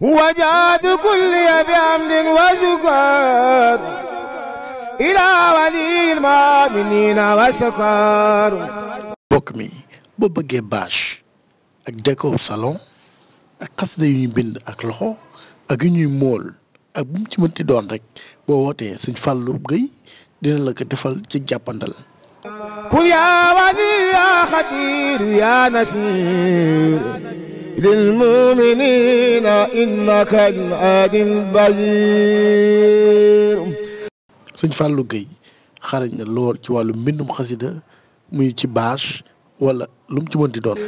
وجاد كل بعمد mbokk mi boo bëggee bâche ak décor salon ak xasida yu bind ak loxo ak yu ñuy mool ak bu mu ci doon rek boo wootee Sëñ Fallu Gueye dina la ko defal ci jàppandal ku yaa wali yaa xadiir yaa nasiir للمؤمنين إنك العاد البير sëñ Fallou Gueye xarañ na lool ci wàllu mbindum xasida muy ci bâche wala lu mu ci mën di doon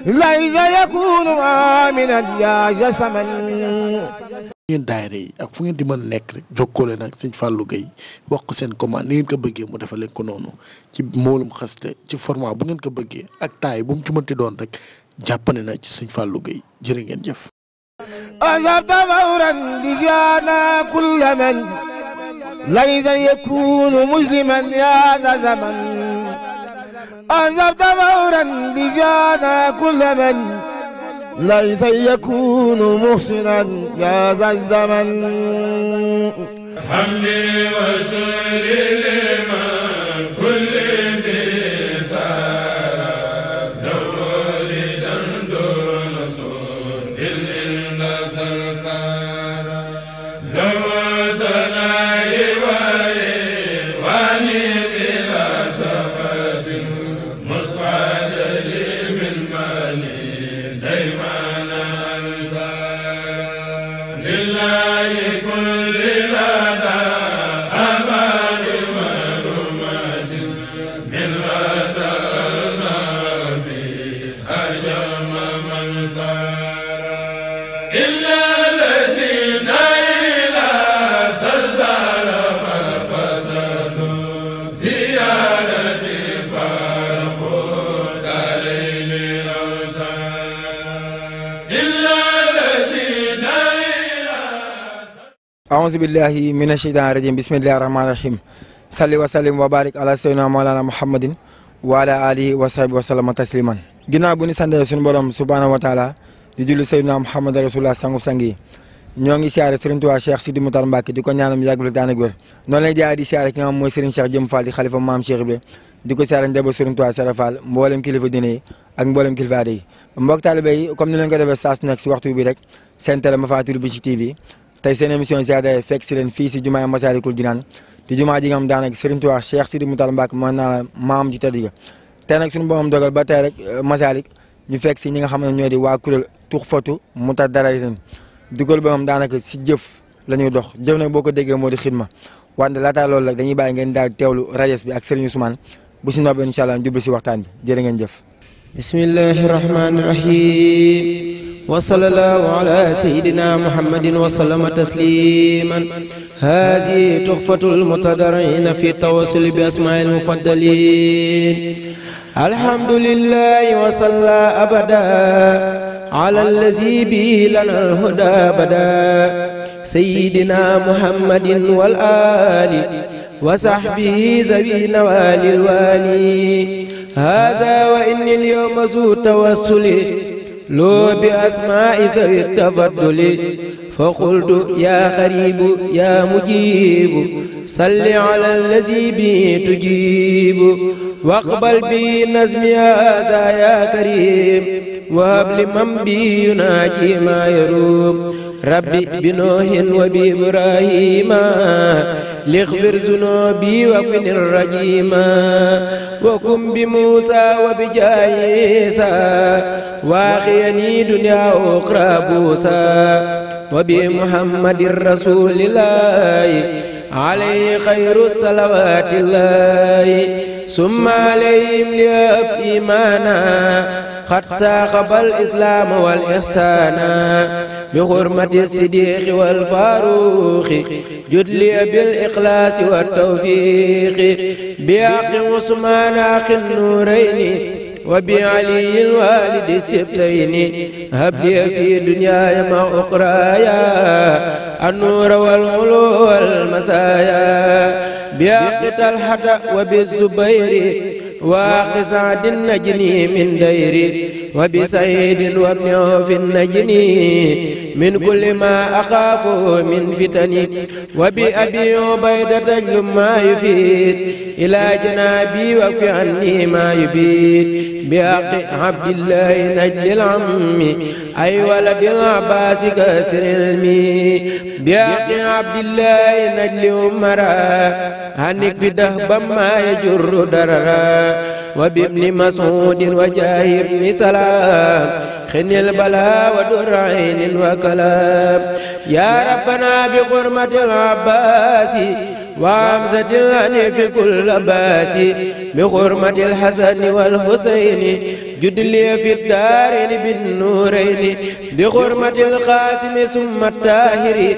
ليس يكون آمنا يا جسما ngeen daayira yi ak fu ngeen di mën nekk rek jokkoo leen ak sëñ Fallou Gueye wax ko seen commande ni ngeen ko bëggee mu defal ko noonu ci moolum xaste ci format bu ngeen ko bëggee ak taay bu mu ci mënti doon rek jàppane na ci sëñ Fallou Gueye jërë ngeen jëf أذهبت فورا لسيانا كل من ليس يكون محسنا يا ذا الزمن حمدي وسري لمن aousubillahi min asheytan rajim bismillahi rahmaani rahim salli wa sallim wa barik ala sayyidina mawlana muhammadin wa ala alihi wa sahbi wa sallama tasliman ginnaaw bu ñu santee suñu borom subhaanahu wa taala di julli sayyidina muhammad rasulullah sangub sang ñoo ngi siyaare Serigne Touba Cheikh Sidi Moutar Mbacke di ko ñaanam yàgg la daanaka wér noonu lay ki nga xam mooy Serigne Cheikh mboolem kilifa diine ak mboolem kilifa aada yi tey seen émission ziare fekk si leen fii si jumaay Massalikul Jinaan di jumaa ji nga xam daanaka Serigne Sidi Moutar maam ji tëdd ga tey dogal ba rek euh, Massalik ñu fekk si ñi nga xam ne ñoo di waa kuréel Tuxfatu Mutadarririn dugal si jëf la ñuy dox jëf nag boo ko déggee moo di xidma wante laataa loolu nag dañuy bàyyi ngeen daal teewlu rajes bi ak Serigne Ousmane bu si noppee incha allah jublu si waxtaan bi jërë ngeen jëf. bismillahi rahmaani rahim. wa sallallahu ala sayyidina muhammadin wa sallama tasliman haadihi tuhfatul mutadarrin fi tawassul bi asmaa'il mufaddalin alhamdulillahi wa salla abada ala allazi bi lana alhuda abada sayyidina muhammadin wal ali wa sahbihi zawi nawalil wali hada wa inni al yawma zu tawassuli لو بأسماء ذوي التفضل فقلت يا خريب يا مجيب صل على الذي به تجيب واقبل بنزم هذا يا كريم وهب لمن بي يناجي ما يروم ربي بنوح وبإبراهيم لاغفر ذنوبي وفن الرجيم وكن بموسى وبجايسى واخيني دنيا أخرى بوسى وبمحمد رسول الله عليه خير الصلوات الله ثم عليهم لأب إيمانا قد ساقب الإسلام والإحسانا bi xurmati sidiqi wal faaruqi jutli bil ikhlaasi wa tawfiiqi bi aqi usmaan aqi nuurayni wa bi aliyi lwalidi sibtayni habli fi dunyaaya ma uxraaya annuura wal ulu wal masaaya bi aqi talxata wa bi zubayri وقساد نجني من ديري وبسعيد وابن عوف نجني من كل ما أخاف من فتني وبأبي عبيدة اجلب ما يفيد إلى جنابي واكف عني ما يبيد بحق عبد الله نجل العم أي ولد العباس كسر المي بحق عبد الله نجل أمرا هنك في دهبا ما يجر دررا وبابن مسعود وجاه بن سلام خن البلاء ودر عين وكلام يا ربنا بحرمة العباس وعمزة الأنف كل باسي bi xurmati alxasani walxusayni judli fi daarayni bin nuurayni bi xurmati alqaasimi summa taahiri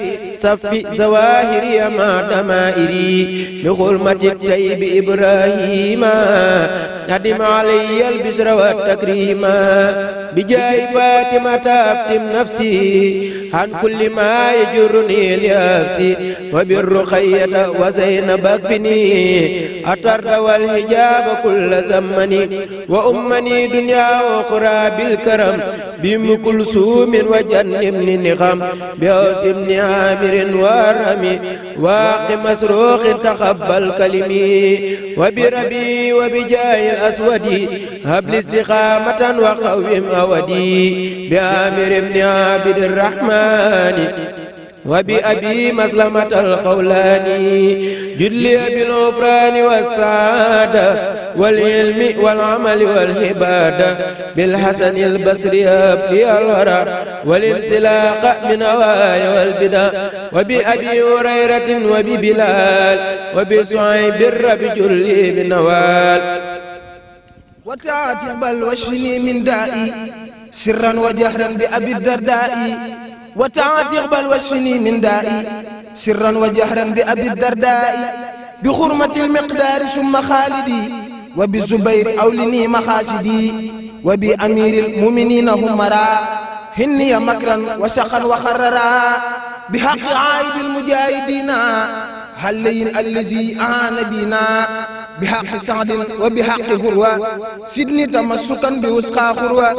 safi zawahiri ama damairi bi xurmati taybi ibrahima xadim alayya albisra wa takrima بجاي فاطمة أفتم نفسي عن كل ما يجرني لأفسي وبالرقية وزينب اكفني أترد والحجاب كل زمني وأمني دنيا وأخرى بالكرم بأم كلثوم وجن بن نخم بأوس بن عامر وارمي واقي مسروق تقبل كلمي وبربي وبجاه الأسود هب لي استقامة وقوم وودي بآمر بن عبد الرحمن وبأبي مسلمة الخولاني جلي بالغفران والسعادة والعلم والعمل والعبادة بالحسن البصري أبدي الورى والانسلاق من هواي والبدع وبأبي هريرة وببلال وبسعيب الرب جلي بنوال وتعتي بل واشفني من دائي سرا وجهرا بأبي الدرداء وتعتي بل واشفني من دائي سرا وجهرا بأبي الدرداء بخرمة المقدار ثم خالدي وبالزبير أولني مخاسدي وبأمير المؤمنين همرا هني مكرا وسقا وخررا بحق عائد المجاهدين هل الذي آن بنا بحق سعد وبحق هروى زدني تمسكا بوسخى خروى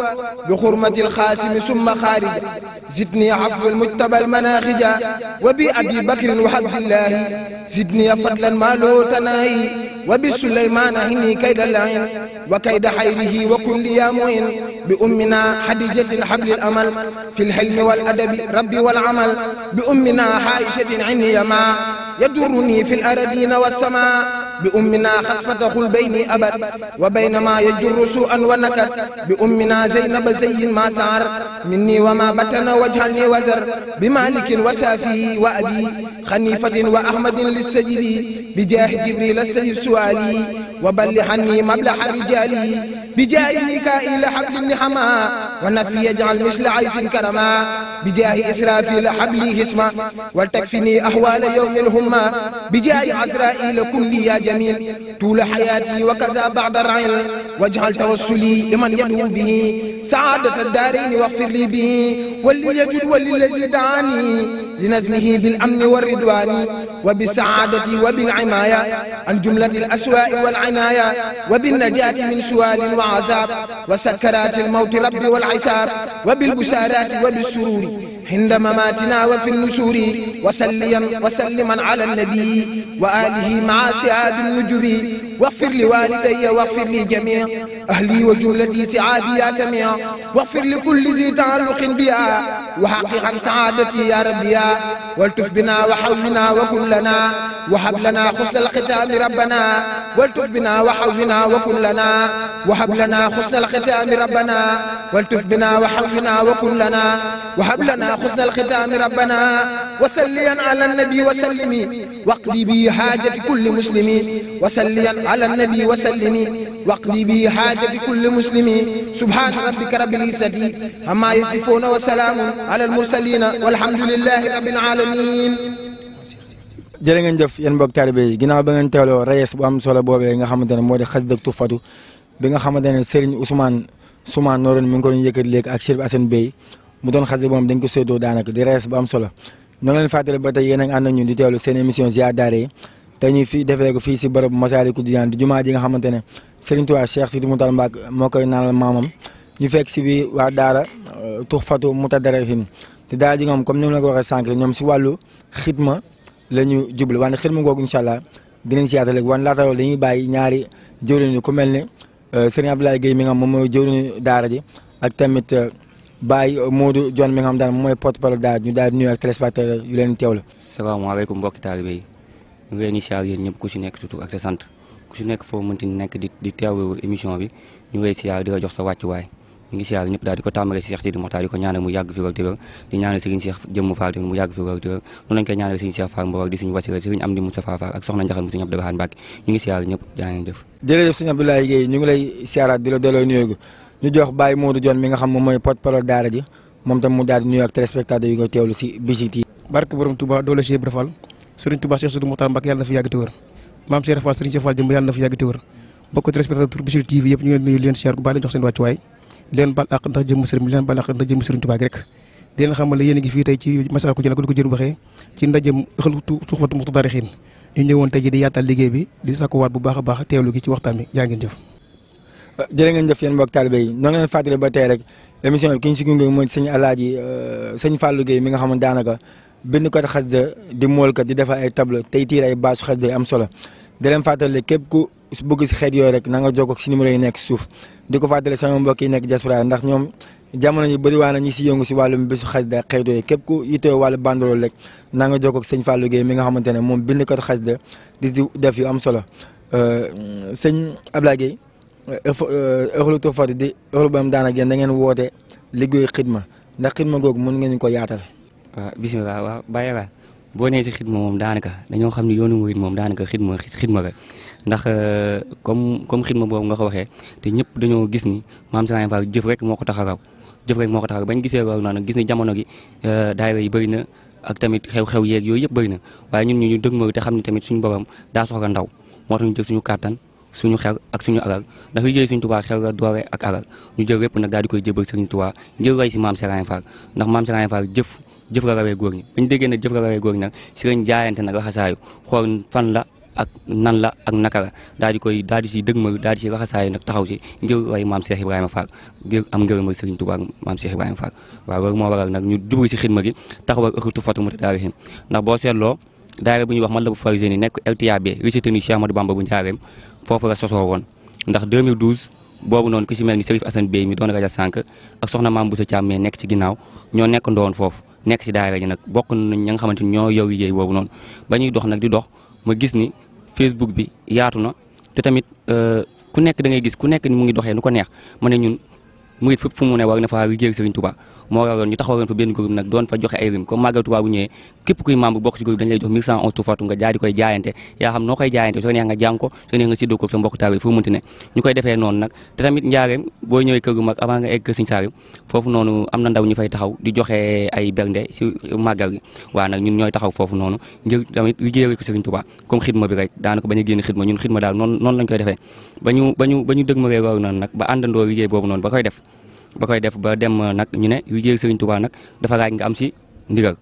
بحرمة الخاسم ثم خارج زدني عفو المجتبى المناخجا وبأبي بكر وحب الله زدني فضلا ما لو تناهي وبسليمان هني كيد العين وكيد حيره وكن لي يا معين بأمنا حديجة حبل الأمل في الحلم والأدب ربي والعمل بأمنا عائشة عني يما يدرني في الأرضين والسماء bi umminaa xasfataxul bayni abad wa baynama yajurru suu'an wa nakat bi umminaa zeynaba zeyin ma saar minni wa ma batana wajhalni wazar bi malikin wa saafi wa abi xanifatin wa ahmadin listajibi bi jaahi jibril astajib su'aali wa balli hanni mablaha rijaali bi jaahi mikaila hablibni hama wa nafi yaj'al misla aysin karama bi jaahi israfila habli hisma wal takfini ahwala yawmil humma bi jaahi azraila kulli جميل طول حياتي وكذا بعد الرعيل واجعل توسلي لمن يدعو به سعادة الدارين واغفر لي به وليجد وللذي دعاني لنزمه بالأمن والرضوان وبالسعادة وبالعماية عن جملة الأسواء والعناية وبالنجاة من سوال وعذاب وسكرات الموت ربي والعساب وبالبشارات وبالسرور xinda mamaatina wa fi nusuuri wa salliyan wa salliman ala nabii wa aalihi maa siaabi nujubi waxfir li waalidayya waxfir li jamii ahli wa jumlati siaabi yaa samii waxfir li kulli zi taalluqin biya وحقق عن سعادتي يا ربيا والتف بنا وحولنا وكن لنا وهب لنا حسن الختام ربنا والتف بنا وحولنا وكن لنا وهب لنا حسن الختام ربنا والتف بنا وحولنا وكن لنا وهب لنا حسن الختام ربنا وسليا على النبي وسلم واقضي به حاجة كل مسلم وسليا على النبي وسلم واقضي به حاجة كل مسلم سبحان ربك رب العزة عما يصفون وسلام ala almursalina walhamdulillahi rabbil alamin jërë ngeen jëf yéen mbokk taalibe yi ginnaaw ba ngeen teeloo reyes bu am solo boobee nga xamante ne moo di xasida Tuffatu bi nga xamante ne Serigne Ousmane Soumane Noorén mi ngi ko doon yëkkati léegi ak Chérif Assane Bey mu doon xasida moom dañ ko séddoo daanaka di reyes bu am solo ñoo ngi leen fàttali ba tey yéen a ngi ànd ak ñun di teewlu seen émission Ziar Daara yi tey ñu fi defee ko fii si bërëb Masaalikul Jinaan di jumaa ji nga xamante ne Serigne Touba Cheikh Sidi Moutar Mbacké moo koy naanal maamam ñu fekk si bi waa daara euh, tux fatu mutadarrifin te daara ji moom comme ni la ko waxee sànq ñoom si wàllu xitma la ñu jublu wante xitma googu incha allah dinañ si yaatal wan laata dañuy bàyyi ñaari jëwriñ ku mel ne euh, sëriñ Abdoulaye Guèye mi nga xam moom mooy jëwriñu daara ji ak tamit euh, Baye Modou John mi nga xam daan moom mooy porte parole daara ñu daal di nuyu ak téléspectateurs leen teew la. salaamaaleykum mbokki taalibe yi ñu ngi ñëpp ku si nekk surtout ak sant ku si nekk foo mënti nekk di di teewlu émission bi ñu ngi si siyaar di la jox sa wàccuwaay ñu ngi siyaar ñëpp daal di ko tàmbalee si Cheikh Sidi di ko ñaanal mu yàgg mu yàgg fi wér di wér noonu lañ koy di suñu wasila Serigne di la ñu jox Baye Modou mi di nuyoo ak yàgg te wér maam Cheikh Fall Serigne Cheikh Fall Jëmm yàlla na fi yàgg te wér mbokk téléspectateur Bichri TV yëpp ñu ngi leen siyaar bu baax jox seen wàccuwaay di leen bal àq ndax jëmm sëriñ di leen bal àq ndax jëmm sëriñ Tuubaa gi rek leen xamal ne yéen a ngi fii tey ci masar ko jëna ko di ko jën waxee ci ndajem xëltu di yaatal liggéey bi di sakkuwaat bu baax a baax teewlu gi ci waxtaan bi jaa ngeen jëf ah, jërë ngeen jëf yéen mbokk taalibe yi noo ngi leen ba tey rek émission bi ki ñu si gunge mooy sëñ alaaji euh, sëñ Fallou Gueye mi nga xamante daanaka bind kat xasida di mool kat di defar ay table tey tiir su bëgg si xeet yooyu rek nanga nga jokkoo si numéro yi nekk suuf di ko fàttali sama mbokk yi nekk diaspora ndax ñoom jamono yi bari waa na ñi si yëngu si wàllum bésu xasida xeet yooyu képp ku yittoo wàllu banderole rek na nga jokkoo ak sëñ Fallou Guèye mi nga xamante ne moom bindkat xasida di si def yu am solo euh, sëñ Abdoulaye Guèye euh, ëxlu euh, tofat di ëxlu bam daan ak yéen da ngeen woote liggéey xidma ndax xidma googu mën ngeen ko yaatale waaw ah, bismillah waaw bàyyi la boo nee si xidma moom daanaka dañoo xam ne yoonu murit moom daanaka xidma xidma la ndax euh, comme comme xidma boobu nga ko waxee te ñëpp dañoo gis ni maam Serigne Fall jëf rek moo ko tax a raw jëf moo ko tax a raw bañ gisee raw noonu gis ni jamono gi euh, daayira yi bëri na tamit xew-xew yeeg yooyu yëpp bëri na waaye ñun ñu ñu dëgmal te xam ne tamit suñu borom daa soxla ndaw moo tax ñu suñu kàttan suñu xel ak suñu alal ndax liggéey suñu Tuubaa xel la doore ak alal ñu jël lépp nag daal di koy jëbal Serigne Tuubaa jël way si maam Serigne Fall ndax maam Serigne Fall jëf jëf nga rawee góor ñi bañ déggee ne jëf nga rawee góor ñi nag si lañ jaayante nag raxasaayu xool fan la ak nan la ak naka la daal di koy daal di si dëgmal daal di si raxasaayu nag taxaw si ngir way maam Cheikh Ibrahima Fall am ngërëmal Serigne Touba maam Cheikh Ibrahima Fall waaw loolu moo waral nag ñu jublu si xidma gi taxawal ëxatu fatu mu daal di ndax boo seetloo daayira bu ñu wax man la bu farisé ni nekk LTAB rejeté ni Cheikh Ahmadou Bamba bu njaareem foofu la sosoo woon ndax 2012 boobu noonu ku si mel ni Serif Assane Bey mi doon rajo sànq ak soxna maam Boussa Thiam mais nekk ci ginnaaw ñoo nekk ndowoon foofu nekk si daayira ji nag bokk nañ ñi nga xamante ni ñoo yow liggéey boobu noonu ba ñuy dox nag di dox ma gis ni Facebook bi yaatu na te tamit euh, ku nekk da ngay gis ku nekk mu ngi doxee nu ko neex ma ne ñun muy fépp fu mu ne war na faa liggéey Serigne Touba moo waraloon ñu taxawaloon fa benn groupe nag doon fa joxe ay rim comme Magal Touba bu ñëwee képp kuy membre bokk si groupe koy jaayante yaa xam noo koy ne ñu koy defee noonu nag te tamit njaareem boo ñëwee kër gu mag avant nga egg kër Sëñ taxaw di joxe ay bernde si màggal gi waaw nag ñun ñooy taxaw foofu noonu ngir tamit liggéeyal ko Sëriñ Touba comme xidma bi rek daanaka bañ a génn xidma ñun xidma daal noonu noonu lañ koy defee ba ñu ba ñu ba nag ba àndandoo liggéey boobu noon ba koy def ba koy def ba dem euh, nag ñu ne yu jéeg Serigne Touba nag dafa laaj nga am si ndigal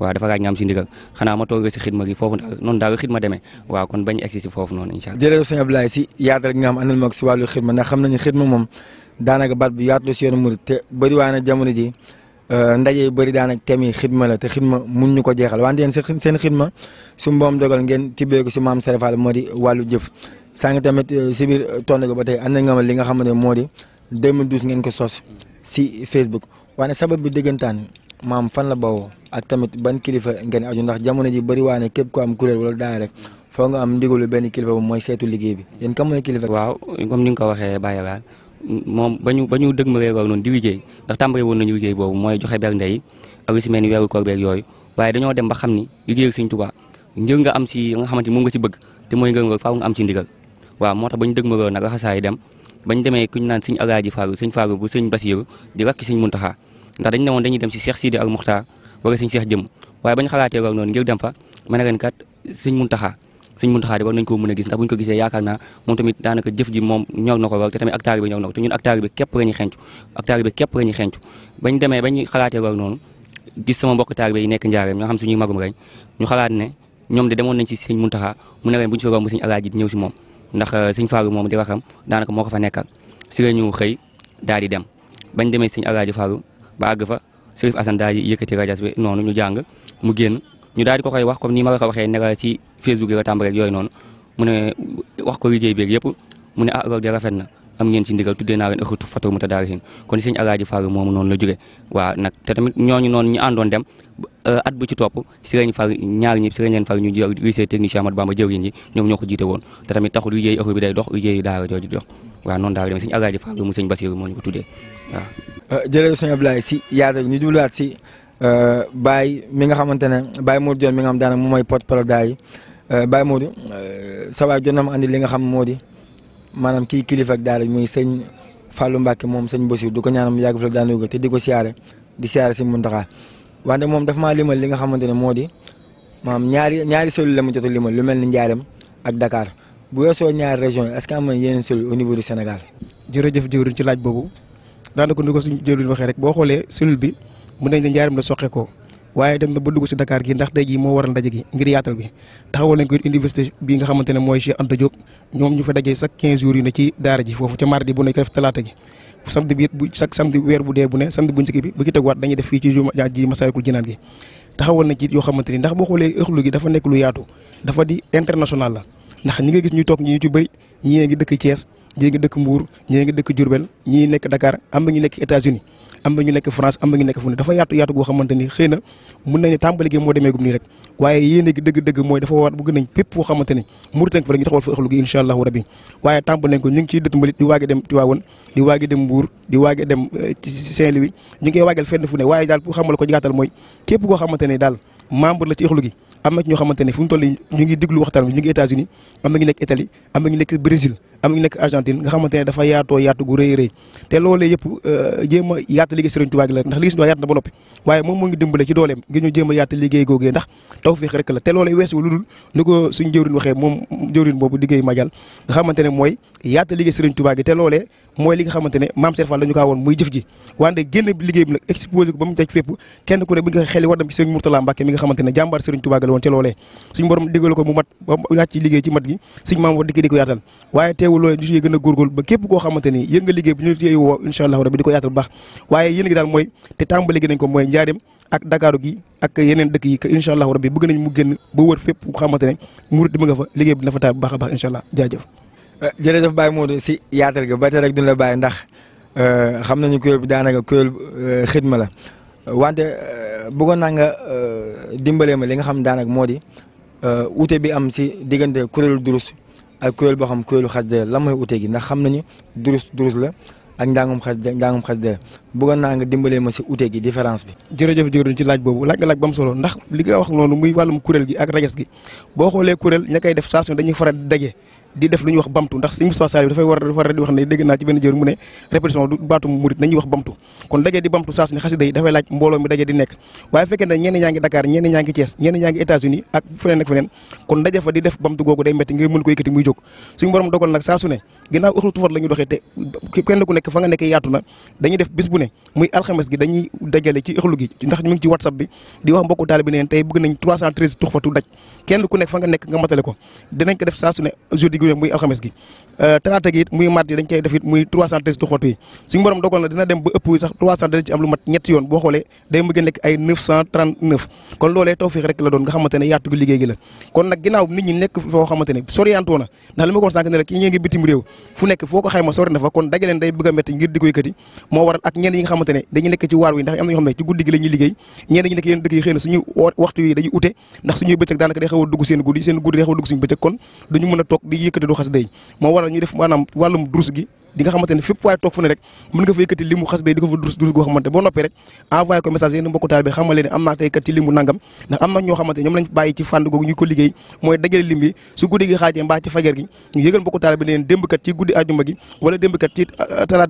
waaw dafa laaj nga am si ndigal xanaa ma toogee si xidma gi foofu daal noonu daal xidma demee waaw kon bañ egsi si foofu noonu incha allah jërëjëf sëñ Abdoulaye si yaatal xam andal ma moom daanaka baat bu yaatu la si yoonu murid te bëri waa na jamono ji euh, ndaje yu bëri daanaka thème yi xidma la te xidma mun ñu ko jeexal wante yéen seen xidma su mboom dogal ngeen tibbeeku si maam Serafal moo di wàllu jëf saa ngi tamit euh, si biir tontu ba tey ànd nga ma li nga xam ne moo di 2012 ngeen ko sos si Facebook waaye sabab bi dëggantaan maam fan la bawoo ak tamit ban kilifa ngeen aju ndax jamono ji bari waa ne képp ku am kuréel wala daay rek foo nga am ndigalu benn kilifa bu mooy seetu liggéey bi yéen kam mooy kilifa. waaw comme ni nga waxee Baye Laal moom ba ñu ba ñu dëgmalee loolu noonu di liggéey ndax tàmbale woon nañu liggéey boobu joxe bernde yi ak lu si mel weeru koor beeg yooyu waaye dañoo dem ba xam ni liggéeyal Sëñ Tuubaa njël nga am si nga xamante ni moom nga si bëgg te mooy ngërëm loolu faaw nga am si ndigal waaw moo tax ba ñu dëgmaloo nag raxasaay dem bañ demee kuñ naan sëñ alaaji faalu sëñ faalu bu sëñ basiiru di rakki sëñ muntaxaa ndax dañ ne woon dañuy dem si seex sidi al muxtaar wala sëñ seex jëm waaye dem fa ne leen kat sëñ muntaxaa sëñ a gis ndax buñ gisee yaakaar na ko lool te tamit ak taari bi ñor na ko te ñun ak taari bi képp lañuy xencu ak taari bi képp nekk njaareem ñoo xam suñuy magum reñ ñu xalaat ne ñoom de demoon nañ si sëñ muntaxaa mu ne leen bu ñu fi romb sëñ alaaji ñëw si moom ndax euh, sëñ Fallou moom di waxam daanaka moo ko fa nekkal si la ñu xëy daal di dem bañ demee sëñ Alaaji Fallou ba àgg fa Sërif Assane daal di yëkkati rajas bi noonu ñu jàng mu génn ñu daal di ko koy wax comme ni ma la ko waxee ne la ci Facebook la tàmbalee yooyu noonu mu ne wax ko liggéey beeg yëpp mu ne ah loolu de rafet na am ngeen ci ndigal tuddee naa leen ëxatu fataw mu ta daara hin kon sëñ alaaji Fall moomu noonu la jóge waaw nag te tamit ñooñu noonu ñu àndoon dem euh, at bu ci topp si lañ fal ñaar ñu lycée technicien Amadou Bamba jëwriñ ko jiite woon te tamit taxul liggéey ëxu bi day dox liggéey daara jooju dox waaw euh, ñu jubluwaat si euh, Baye mi nga xamante ne Baye Modou Dione mi nga xam daanaka moom mooy porte-parole daay Baye Modou sa waay jot na ma andi li nga xam moo di maanaam kii kilifa ak daara muy sëñ Fallou Mbacke moom sëñ Bassirou du ko ñaanal mu yàgg fi daan yóbbu te di ko siyaare di siyaare si Mountakha wante moom daf maa limal li nga xamante ne moo di maanaam ñaari ñaari selu la ma jot a limal lu mel ni Ndiarème ak Dakar bu weesoo ñaari région yi est-ce que am na yeneen selu au niveau du Sénégal. jërëjëf jëwriñ ci laaj boobu daanaka ni ko suñu jëwriñ waxee rek boo xoolee selul bi mu ne Ndiarème la soqeekoo waaye dem na ba dugg si dakaar gi ndax tey jii moo waral ndaje gi ngir yaatal bi taxawal nañ ko université bi nga xamante ne mooy Cheikh Anta Diop ñoom ñu fa dajee chaque 15 jours yu ne ci daara ji foofu ca mardi bu nekk def talaata weer bu dee bu ne samedi bu njëkk bi bu ci def fii ci jumaa ji Masaalikul Jinaan gi taxawal xamante ni ndax boo xoolee ëxlu gi dafa nekk yaatu dafa di international la ndax ñi nga gis ñu toog ñi ci bëri ñi ngi dëkk Thiès ñi dëkk Mbour ngi dëkk Diourbel ñi nekk Dakar am na ñu nekk États-Unis am na ñu nekk France am na ñu nekk fu ne dafa yaatu yaatu goo xamante ni xëy na mun nañu tàmbali gi moo demeegum nii rek waaye yéene gi dëgg-dëgg mooy dafa war bëgg nañ pépp foo xamante ni Mauritanie eh, fu ne daal pour xamal ko jigaatal mooy képp koo xamante ni daal membre la ci ëxlu gi am ne fu ñu ngi diglu waxtaan bi ñu ngi États-Unis am na ñu nekk Italie am na ñu nekk Brésil am ñu nekk Argentine nga xamante ne dafa yaatoo yaatu gu rëy rëy te loolee yëpp euh, jéem a yaata liggéey Serigne Touba gi la ndax liggéey Serigne moom moo ngi dimbale ci dooleem ngir ñu jéem a yaata liggéey googee ndax tawfeex rek la te loolee weesu lu dul ko suñu jëwriñ boobu liggéey Madial nga xamante ne mooy yaata liggéey Serigne Touba gi te loolee mooy li nga xamante ne maam woon muy jëf ji wante génn liggéey bi nag exposé ba mu teg ku ne bi nga xeli war dem ci Serigne ne jàmbaar Serigne Touba gi la woon te loolee suñu borom digal ko liggéey ci mat gi suñu maam war dikki di yaatal waaye teewul loolu ñu ci gën a góorgóorlu ba képp koo xamante ni yëg nga liggéey bu ñu téye woo incha allahu rabbi di ko yaatal baax waaye yéen gi daal mooy te tàmbali gi nañ ko ak Dakaaru gi dëkk yi que incha allahu rabbi bëgg nañ mu génn ba wër fépp koo xamante ne murit di nga fa liggéey bi dina fa baax a baax incha allah jaajëf euh, jërëjëf Baye Modou si yaatal ga ba tey rek duñ la bàyyi ndax euh, xam nañu kuréel bi daanaka kuréel euh, xidma la wante buggoon naa nga ma li nga xam daanaka moo di ute bi am si diggante kuréelu durus ak kuréel boo xam kuréelu xasida la mooy ute gi ndax xam nañu durus durus la ak njàngum xasida njàngum xasida bëggoon naa nga dimbalee ma si ute gi différence bi jërëjëf jigéen ci laaj boobu laaj nga laaj ba mu solo ndax li nga wax noonu muy wàllum kuréel gi ak rajas gi boo xoolee kuréel ña koy def saa su ne dañuy faral di daje di def lu ñuy wax bamtu ndax Sëriñ Moustapha Saliou dafay di wax ne dégg naa ci benn jër mu ne répétition baatum murit nañuy wax bamtu kon daje di bamtu saa su ne dafay laaj mbooloo mi daje di nekk waaye fekkee ne ñenn ñaa ngi Dakar ñenn ñaa ngi Thiès États-Unis ak feneen ak fa di def bamtu googu day metti ngir mën ko yëkkati muy jóg suñu borom dogal nag saa su ne ginnaaw fa di wax mbokku taalibe tey bëgg nañ 313 weex muy alxames gi Euh, talaata gi it muy mat yi dañ koy def muy 313 tuxootu di ko ñuy waxtu yi dañuy mën a toog di yëkkati du xas day moo waral yàlla ñuy def maanaam wàllum durus gi di nga xamante waaye toog fu ne rek mën nga fa yëkkati li xas day di ko durus goo xamante boo noppee rek envoyé ko message yéen mbokku taal bi xamal leen na ñoo xamante ñoom lañ bàyyi ci fànn googu ñu ko liggéey mooy dajale lim bi su guddi gi xaajee mbaa ci fajar gi ñu yëgal mbokku taal bi leen démb kat ajuma gi wala démb kat ci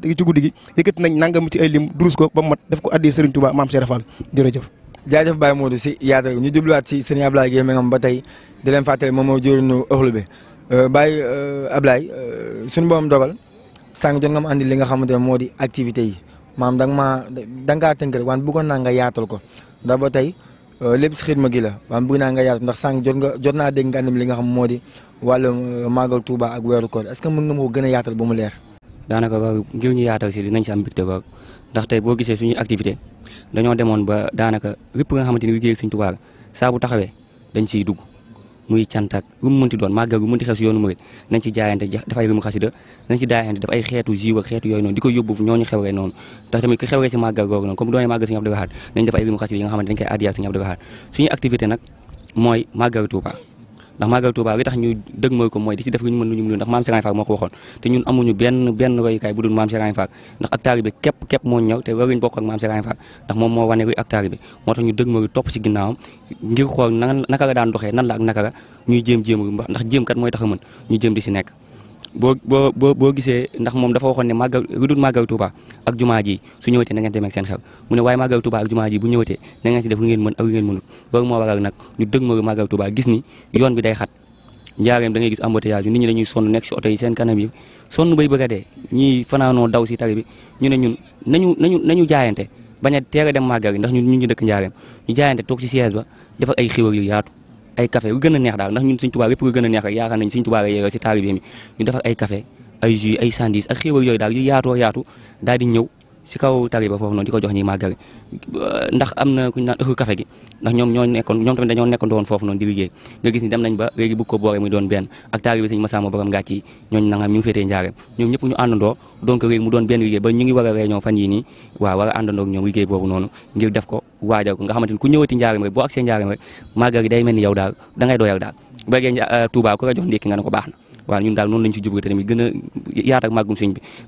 gi ci guddi gi yëkkati nañ nangam ci ay lim durus ko ba mat def ko addee Serigne Touba Maam Cheikh Fall jërëjëf jaajëf Baye Modou si ñu jubluwaat si Serigne Abdoulaye Gueye Mengam ba tey di leen fàttali moom moo jëriñu ëxlu bi Euh, Baye euh, Ablaye euh, suñu boom dogal sànq jot nga ma andi li nga xamante ne moo di activité yi maam da nga maa da nga kaa tënk rek waan bëggoon naa nga yaatal ko ndax ba tey lépp si xidma gi la waan bëgg naa nga yaatal ndax sànq jot nga jot naa dégg nga li nga xam moo di wàllu màggal Touba ak weeru koor est que mën nga ma ko gën a ba mu leer. daanaka ba ñu yaatal si dinañ si am mbégte ba ndax boo gisee suñuy activité dañoo demoon ba daanaka lépp nga xamante ni liggéey Sëñ Tuubaa la saa bu taxawee dañ siy dugg muy cantak gu mu mënti doon màggal gu mënti xew si yoonu murit nañ ci jaayante def ay rimu xasida nañ ci jaayante def ay xeetu jiw ak xeetu yooyu noonu di ko yóbbu ñooñu xew noonu tax tamit ku xew rek si màggal googu noonu comme doonee màggal Sëñ Abdou Lahad nañ def ay rimu xasida yi nga xamante dañ koy adiya Sëñ Abdou Lahad suñu activité nag mooy màggal Touba ndax màggal Touba li tax ñu dëgmal ko mooy di si def lu ñu mën lu ñu mënul ndax am Serigne Fall moo ko waxoon te ñun amuñu benn benn kay bu dul maam Serigne Fall ndax ak taalibe képp képp moo ñëw te loolu lañ bokk ak maam Serigne ndax moom moo wane luy ak taalibe moo tax ñu dëgmal topp si ginnaawam ngir xool naka la daan doxee nan la ak naka la ñuy jéem jéem ndax jéem kat mooy tax a ñu jëm di si nekk boo boo boo gisee ndax moom dafa waxoon ne màggal lu dul màggal ak jumaa ji su ñëwatee na ngeen dem ak seen xel mu ne waaye màggal Touba ak jumaa ji bu ñëwatee na ngeen si def lu ngeen mën ak lu ngeen mënut loolu moo waral nag ñu dëg gis ni yoon bi day xat njaareem da ngay gis embouteillage nit ñi dañuy sonn nekk oto yi seen kanam yi bay bëgg a dee ñiy fanaanoo daw si tali bi ñu ne ñun nañu nañu nañu jaayante bañ a teel dem màggal yi ndax ñun ñu dëkk njaareem ñu jaayante toog si siège def ay xiwar yu yaatu ay kafe yu gën a neex daal ndax ñun Sëñ Tuubaa lépp lu gën a neex rek yaakaar nañ Sëñ Tuubaa la yeegal si taalibe mi ñu defar ay café ay jus ay sandwich ak xéewal yooyu daal yu yaatoo yaatu daal di ñëw si kaw tari ba foofu noonu di ko jox ñi màggal euh, ndax am na ku ñu naan ëxu café gi ndax ñoom ñoo nekkoon ñoom tamit dañoo nekkoon woon foofu noonu di liggéey nga gis ni dem nañ ba léegi bëgg ko muy doon benn ak tari bi ñu ngi a réunion waaw war a àndandoo ñoom liggéey boobu noonu ngir def ko waajal ko nga xamante ku ñëwati njaareem rek boo agsee njaareem rek màggal day mel ni daal da ngay daal bu reggee euh, Touba ku la jox ndékki nga ne baax na waaw ñun daal noonu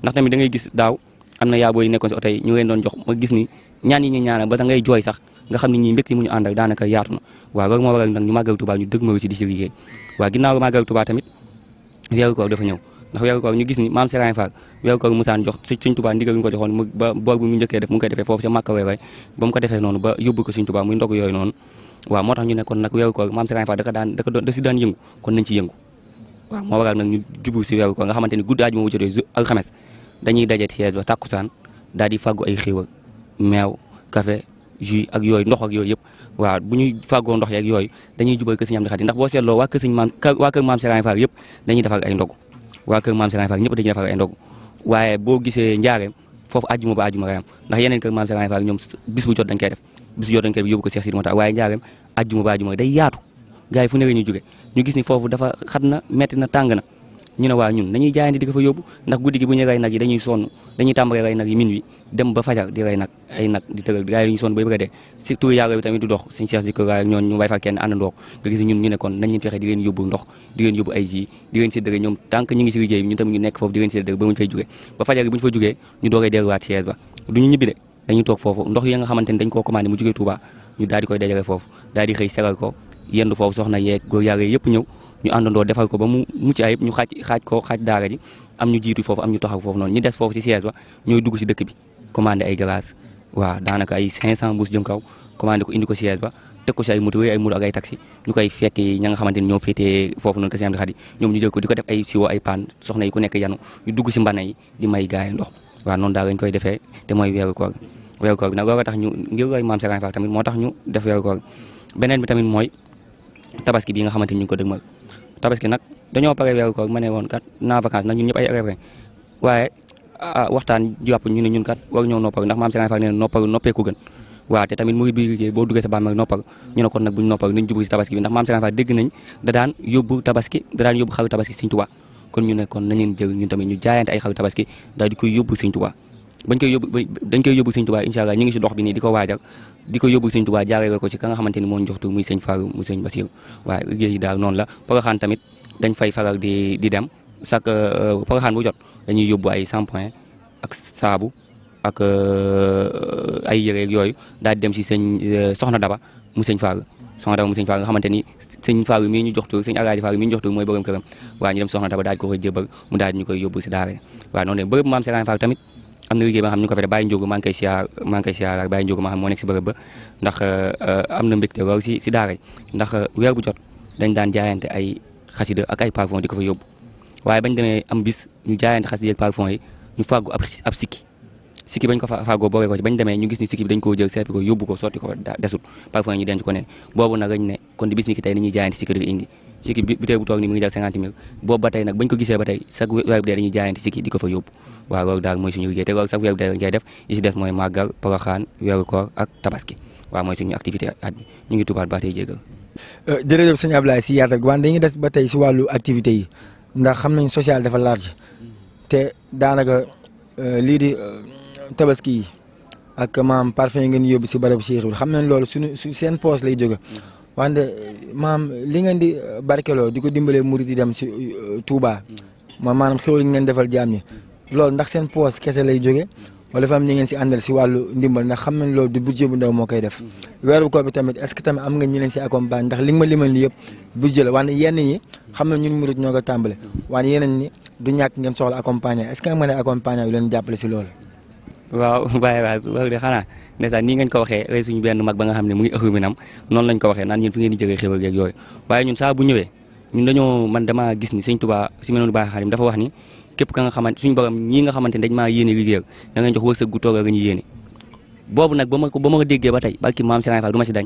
lañ a am na yaaboo yi nekkoon si oto yi ñu leen doon jox ma gis ni ñaan yi ñu ñaanal ba da jooy sax nga xam ne ñii mbégte mu ñu àndal daanaka yaatu na waaw moo tax ñu ne nag weeru koor maam Serigne Fall da si daan yëngu kon nañ ci yëngu waaw moo waral nag ñu jubu si weeru koor nga xamante guddaaj moo wujjotee alxames dañuy daje siège ba tàkkusaan daal di fàggu ay xéewal meew café jus ak yooyu ndox ak yooyu yëpp waaw bu ñuy fàggoo ndox yeeg yooyu dañuy jubal kër Sëñ Amdi Xaadim ndax boo seetloo waa kër Sëñ maam waa kër maam Seraay Faal yëpp dañuy defar ay ndogu waa ñëpp dañuy defar ay ndogu waaye boo gisee njaareem foofu àjjuma ba àjjuma rayam ndax yeneen kër maam Seraay Faal ñoom bis bu jot dañ koy def bis bu jot dañ koy yóbbu ko Seex Sidi waaye njaareem àjjuma ba àjjuma day yaatu gars yi fu ne ñu jóge ñu gis ni foofu dafa xat na metti na tàng na ñu ne waa ñun dañuy jaayante di fa yóbbu ndax guddi gi bu ñu rey nag yi dañuy sonn dañuy tàmbale rey nag yi min wi ba fajar di rey ay nag di a dee si dox si ko gaay ñoon ñu way fa kenn àndandoo nga gis ñun ñu ne kon nañ leen fexe di leen xamante ni dañ koo commandé mu jógee Touba ñu daal di koy dajale foofu daal di xëy segal ko yendu foofu soxna yeeg góor yàlla yëpp ñëw ñu àndandoo defar ko ba mu mucc ayib ñu xaaj ko xaaj daara ji am ñu jiitu foofu am ñu taxaw foofu noonu ñu des foofu si siège ba ñooy dugg si dëkk bi commandé ay glace waaw daanaka ay 500 mbuus jëm kaw commandé ko indi ko siège si ay moto ay moto ak ay taxi ñu koy fekk ni ñoo féetee foofu noonu ñoom ñu jël ko di ko def ay siwo ay paan soxna yi ku nekk yanu ñu dugg si mbana di may gaay ndox waaw noonu daal lañ koy defee te mooy weeru koor weeru koor bi nag tax ñu ngir roy maam Serigne Fall tamit moo tax ñu def weeru koor beneen bi tamit mooy tabaski bi nga xamante ni ñu ngi ko dëgmal tabaski nag dañoo pare weeru koor ma ne woon kat naa vacance nag ñun ñëpp ay élèves waaye ah, waxtaan jàpp ñu ne ñun kat war ñëw nopparu ndax maam Serigne Fall nee na nopparu noppeeku gën waaw te tamit murid bi liggéey boo duggee sa bàmmeel nopparu ñu ne kon nag buñ nopparu nañ jublu si tabaski bi ndax maam Serigne Fall dégg nañ da daan yóbbu tabaski da daan yóbbu xaru tabaski Serigne Touba kon ñu ne kon nañ leen jël ñun tamit ñu jaayante ay xaru tabaski daal di koy yóbbu Serigne bañ koy yóbbu dañ koy yóbbu sëñ Tuubaa incha allah ñu ngi si dox bi nii di ko waajal di ko yóbbu sëñ Tuubaa jaaree noonu la dañ fay faral di di dem chaque euh, Porokhane bu jot dañuy yóbbu ay shampoing ak saabu ak euh, ay yére yooyu daal dem si sëñ euh, soxna Daba mu sëñ Fallou soxna Daba mu sëñ Fallou nga xamante ni sëñ Fallou mii ñu jox tur sëñ Alaaji Fallou jox tur mooy borom këram waaw ñu dem ko koy jébal mu daal ñu koy yóbbu si daara maam Serigne Fallou tamit am na liggéey ba nga xam ñu ko fa def bàyyi njóogu maa ngi koy siyaar maa ngi koy xam moo nekk si bërëb ba ndax euh, am na mbégte lool si si daara ndax euh, weer bu jot dañ daan jaayante ay xasida ak ay parfum di ko fa yóbbu waaye bañ demee am bis ñu jaayante xasida ak parfum yi ñu fàggu ab sikki sikki bañ ko fàggoo booree ko gis ni sikki bi dañ koo jël seppi ko yóbbu ko sotti ko desul parfum yi ñu denc ko ne boobu nag lañ ne kon di bis ni ki tey ni ñuy jaayante sikki di indi sikki bi tey bu toog ni mu ngi jar cinquante mille boobu ba tey nag bañ ko gisee ba tey chaque weer bi dee dañuy jaayante sikki di ko fa yóbbu waaw loolu daal mooy suñu liggéey te loolu chaque weer bi dee ngay def yi si des mooy màggal poroxaan weeru koor ak tabaski waaw mooy suñu activité at bi ñu ngi tubaat ba tey jégal euh, jërëjëf sëñ Ablaye si yaatal waan dañuy des ba tey si wàllu activité yi ndax xam nañ social dafa large te daanaka euh, lii di euh, tabaski yi ak maam parfum yi ngeen yóbbu si barab Cheikh bi xam nañ loolu suñu seen poos lay jóge wante maam li ngeen di euh, barkeloo di ko dimbalee murit yi dem si euh, Touba mm. ma maanaam xéwal ngeen defal jaam ni loolu ndax seen poos kese lay jóge wala fa am ñi ngeen si àndal si wàllu ndimbal ndax xam nañ loolu du budget bu ndaw moo koy def mm. weeru koor bi tamit est tamit am nga ñi leen si accompagne ndax li limal li yëpp budget la wante yenn ñi xam na ñun murit ñoo ko tàmbale mm. wante yeneen ñi du ñàkk ngeen soxla accompagner est ce am nga ne leen jàppale si loolu waaw waaye waaye su de xanaa ndeysaan nii ngeen ko waxee ay suñu benn mag ba nga xam ne mu ngi ëxu minam noonu lañ ko waxee naan ñun fi ngeen di jógee xéwal geeg yooyu waaye ñun saa bu ñëwee ñun dañoo man dama gis ni sëñ Tuubaa si menoonu baax xarim dafa wax ni képp ka nga xamante suñu borom ñii nga xamante ne dañ maa yéene liggéeyal da nga jox wërsëg gu toog ak ñu yéene boobu nag ba ma ko ba ma ko déggee ba tey barki maam Serigne Fall du ma si dañ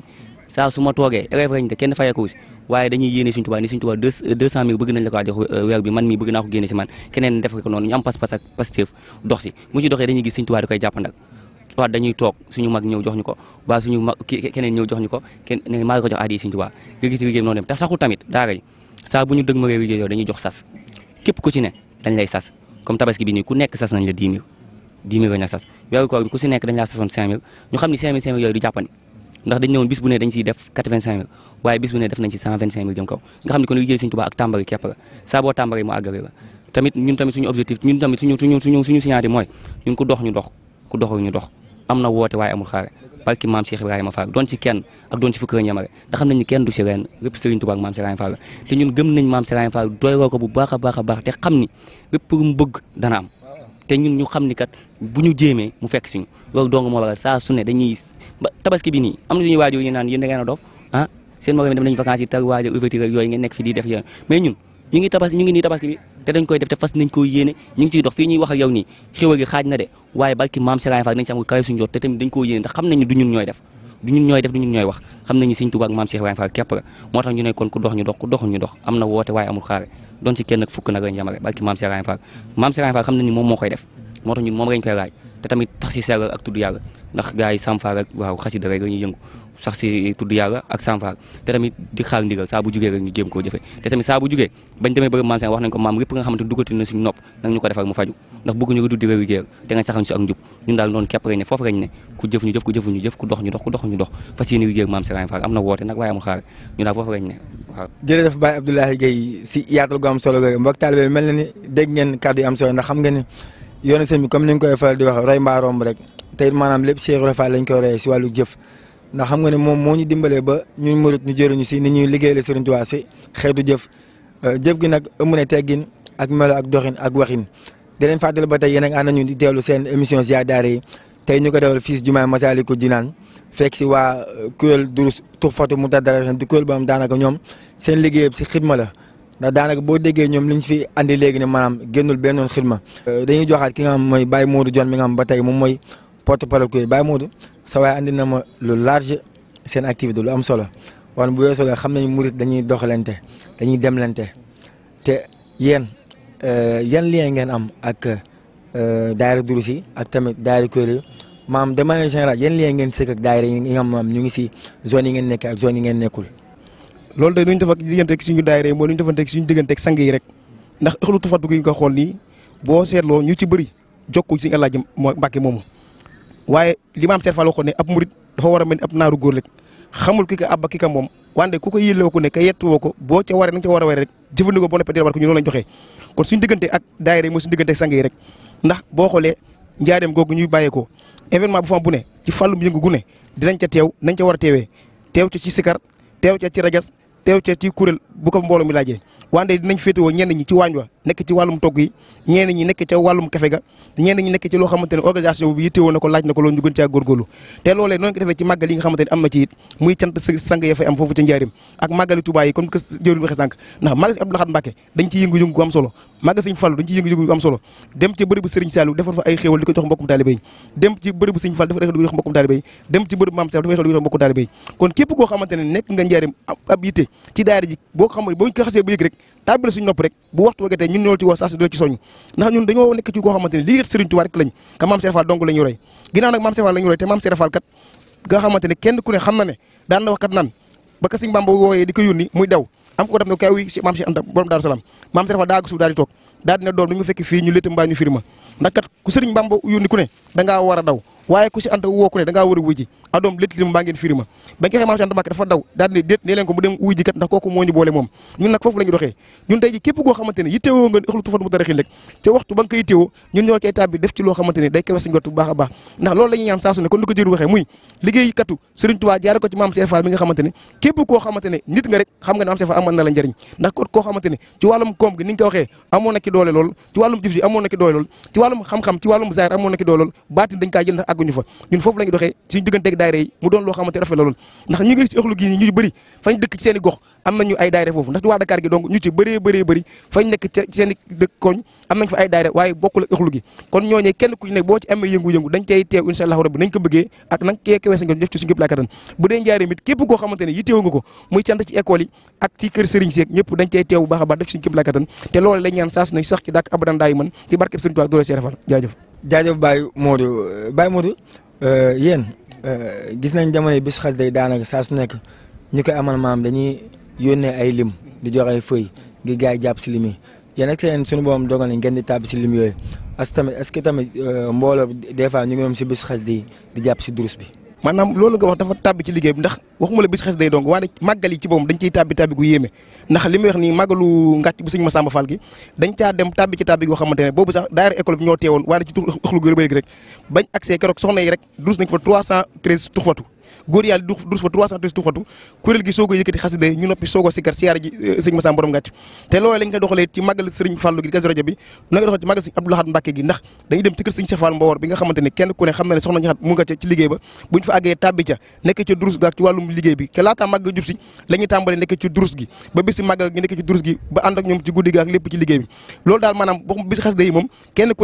saa su ma toogee élève lañ de kenn si waaye dañuy yéene Sëriñ Tuubaa ni Sëriñ Tuubaa deux euh, cent mille bëgg nañ la ko jox euh, weer bi man mii bëgg naa ko si man keneen def ko noonu ñu am pas-pas ak Pastef dox si mu ci doxee dañuy ñëw jox ñu ko waa suñu mag keneen ñëw jox ñu ko keneen maa jox ñu dëg ma réew yi dañuy jox sas ku ci ne dañ lay sas comme tabaski bi nii ku nekk sas nañ ku si nekk dañ laa sasoon cinq ñu xam ni cinq mille cinq mille yooyu du jàppandi ndax dañ ñëwoon bis bu ne dañ siy def 85000 waaye bis bu ne def nañ si 125000 jëm kaw nga xam ne kon liggéey Sëñ Tuubaa ak tàmbali képp la saa boo tàmbali mu tamit ñun tamit suñu objectif ñun tamit suñu suñu suñu suñu signaté mooy ñun ku dox ñu dox ku doxul ñu dox am na woote waaye amul xaare barki maam Cheikh Ibrahima Fall doon si kenn ak doon si fukk rek ñamare nga nañ kenn du si leen lépp Serigne Touba maam Serigne Fall la te ñun gëm nañ maam Serigne Fall doyloo ko bu baax a baax a baax te xam ni lépp lu am te ñun ñu xam ni kat bu ñu jéemee mu fekk si ñu loolu dong moo waral saa su ne dañuy nii am na a dof ah seen moroom yi dem nañ vacances yi tar waajal ñun ñu ngi tabas ñu ngi nii tabaski bi te dañ ñu ngi ciy de waaye barki maam Serigne Fall dañ si am kawe suñu jot te tamit dañ koy yéene ndax xam nañu du ñun ñooy def du ñun ñooy def du ñun ñooy wax xam nañu maam Serigne Fall képp la moo tax ñu ne kon ku dox ñu dox ku doxul ñu dox am na woote waaye amul xaare donc kenn ak fukk nag lañ yemale barki maam Serigne Fall maam Serigne Fall xam na ni moom moo koy def moo tax ñun moom lañ koy laaj te tamit tax ci ak tudd yàlla ndax gars yi Sam Fall ak waaw xasida rek la ñuy yëngu sax si tudd yàlla ak sanfaar te tamit di xaar ndigal saa jugee rek ñu jéem jëfe te tamit saa jugee bañ demee bëgg maam lépp nga na ñu ko defal mu faju ndax bëgg ñu ko duddi réewi te nga saxañ ak njub ñun daal noonu képp rek foofu rek ne ku jëf ñu jëf ku dox ñu dox ku dox ñu dox maam Serigne Fall am na woote nag waaye amul xaar ñu daal foofu rek ne waaw jërëjëf Baye Abdoulaye Gueye si yaatal gu am solo ga mbokk taalibe mel ni dégg ngeen kàddu ndax xam nga ne moom moo ñu dimbalee ba ñu murit ñu jër ñu si ni ñuy liggéeyale Sëriñ Tuubaa si xeetu jëf euh, jëf gi nag ëmb na teggin ak melo ak doxin ak waxin di leen fàttali ba tey yéen ak ànd nañu di teewlu seen émission Ziyaar Daara yi tey ñu ko dawal fii si jumaa Masaalikul Jinaan fekk si waa euh, kuréel durus Tuhfatu Mutadarrisin di kuréel ba am daanaka ñoom seen liggéeyam si xidma la ndax daanaka boo déggee ñoom liñ fi andi léegi ne maanaam génnul bennoon xidma euh, dañuy joxaat ki nga xam mooy bay Modou jon mi nga xam ba tey moom porte parole kuréel Baye Modou sa waay andi na ma lu large seen activité lu am solo wan bu weesoo la xam nañu murit dañuy doxalante dañuy demlante te yéen euh, yan lien ngeen am ak euh, daayira durus yi ak tamit daayira kuréel yi maam de manière générale yan lien ngeen sëkk ak daayira yi nga ñu ngi si zone yi ngeen nekk ak zone yi ngeen nekkul. loolu de lu ñu def ak digganteeg suñu daayira yi mooy lu ñu defanteeg suñu digganteeg sang rek ndax ëxlu tufat gi ñu ko xool nii boo seetloo ñu ci bëri jokku si nga laaj Mbàkke moomu. waaye li maam Seer Fall waxoon ne ab murit dafa war a mel ni ab naaru góor rek xamul ki ka abba ki ka moom wante ku ko yëlloo ko ne ka yettuwoo ko boo ca waree na nga ca war a waree rek jëfandikoo ba noppi dina war ko ñu noonu lañ joxee kon suñu diggante ak daayira mooy suñu diggante ak sang yi rek ndax boo xoolee njaareem googu ñuy bàyyeekoo événement bu fa am bu ne ci fàllum yëngu gu ne dinañ ca teew nañ ca war a teewee teew ca ci sikar teew ca ci rajas te ca ci kuréel bu ko mbooloo mi laajee wante dinañ féetewoo ñenn ñi ci waañ wa nekk ci wàllum togg yi ñenn ñi nekk ca wàllum kafe ga ñenn ñi nekk ci loo xamante ne organisation bi yittewoo na ko laaj na ko ñu gën caa góorgóorlu te loolee noonu ko defee ci màggal yi nga xamante ne am na ci it muy cant sang ya fay am foofu ca njaarim ak màggali Tuubaa yi comme que jëwriñ waxee sànq ndax màggal Abdou Lahad Mbacke dañ ci solo màggal Sëñ Fallu dañ ci yëngu-yëngu am solo dem ko jox mbokkum taalibe yi dem kon képp koo ne nekk nga njaarim ab yitte ci daara ji boo ko xamante boo ñu ko xasee ba yëg rek tàbbi na suñu nopp rek bu waxtu wagatee ñun ñoo ci woo saas dola ci soññ ndax ñun dañoo nekk ci koo xamante ne lii Serigne Touba rek ka maam Serafal maam Serafal la ku na ne ka Serigne Bamba di ko daa di toog daal dina doom fekk fii ñu létt mbaa ñu firma ndax kat ku Serigne Bamba yónni ku ne dangaa war daw waaye ku si Anta woo ku ne dangaa war a adoom létlim mbaa ngeen firima bañ maam Anta Mbàkke dafa daw daal ne déet ne leen ko mu dem uy ji ndax kooku moo ñu boole moom ñun nag foofu la ñu doxee ñun tey ji képp koo lool ci wàllum jëf amoon na ki doole lool ci wàllum xam-xam ci wàllum zaar amoon na ki doole lool baatin dañ kaa jël ndax àgguñu fa ñun foofu la ñu doxee suñu diggante daayira mu doon loo xamante rafet la lool ndax ñu ngi ci ëxlu gi ñu bëri fañ dëkk ci seen gox am nañu ay daayira foofu ndax ci waa Dakar gi donc ñu ci bëri fañ nekk ci seen dëkk koñ am nañ fa ay daayira waaye bokkul ak ëxlu gi kon ñooñee kenn ku ci nekk boo ci amee yëngu-yëngu dañ cay teew insha Allah nañ ko bëggee ak nang kee kewee sa nga ko muy cant ci école ak ci kër sëriñ seeg ñëpp dañ cay teew bu a def ci suñu képp laa kattan te loolu Euh, yéen euh, gis nañ jamono bis xas day daanaka saa su nekk ñu koy amal maam dañuy yónnee ay lim di jox ay gi gaa yi jàpp si lim yi yéen ak seen suñu boom dogal nañ ngeen di tàbb si lim yooyu as tamit est-ce que tamit euh, mbooloo des fois ñu ngi moom si bis xas di di jàpp si durus bi. maanaam loolu nga wax dafa tàbbi ci liggéey bi ndax waxuma la bis xes day dong waaye màggal yi ci boppam dañ ciy tàbbi tàbbi gu yéeme ndax li muy wax nii màggalu ngàcc bu sëñ Massamba Fall gi dañ caa dem tàbbi ci tàbbi goo xamante ne boobu sax daayira école bi ñoo teewoon waaye ci tux lu gërëm rek bañ accès keroog soxna yi rek dus nañ fa 313 tuxfatu góor yàlla du fa 313 kuréel gi soog a yëkkati xasida yi ñu noppi soog a sikkar siyaare ji eh, sëñ Massamba borom gàcc te loolu lañ koy doxalee ci ci màggal sëriñ Abdou gi ga ci wàllum liggéey bi kenn ku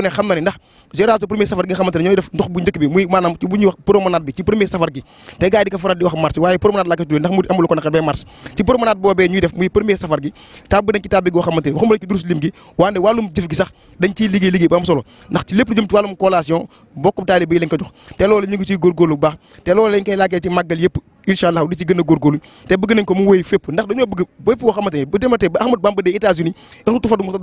ne xam na ne ndax génération premier safar gi nga mais gars yi di di wax mars waaye promenade laa ko tuddee ndax mu amul ko naqar bay mars ci premier safar gi tàbb nañ ci tàbbi goo xamante ni waxuma la ci lim gi waande wàllum jëf gi sax dañ ciy liggéey liggéey bu am solo ndax ci lépp lu jëm ci wàllum collation bokkum yi lañ ko jox te loolu ñu ngi ciy góorgóorlu bu baax te loolu lañ koy laajee ci màggal yëpp incha allah di ci gën a te bëgg ko mu wéy fépp ndax dañoo bëgg bépp boo xamante ba Ahmad Bamba des États-Unis daxu tufatu mosa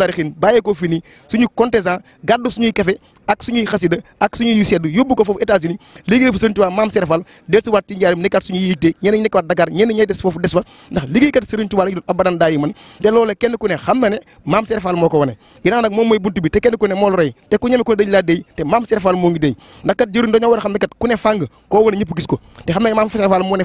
ndax liggéeykat Sëriñ Tuubaa lañ xam ne maam serafal moo ko war ne kat gis ko te xam ne maam serafal moo ne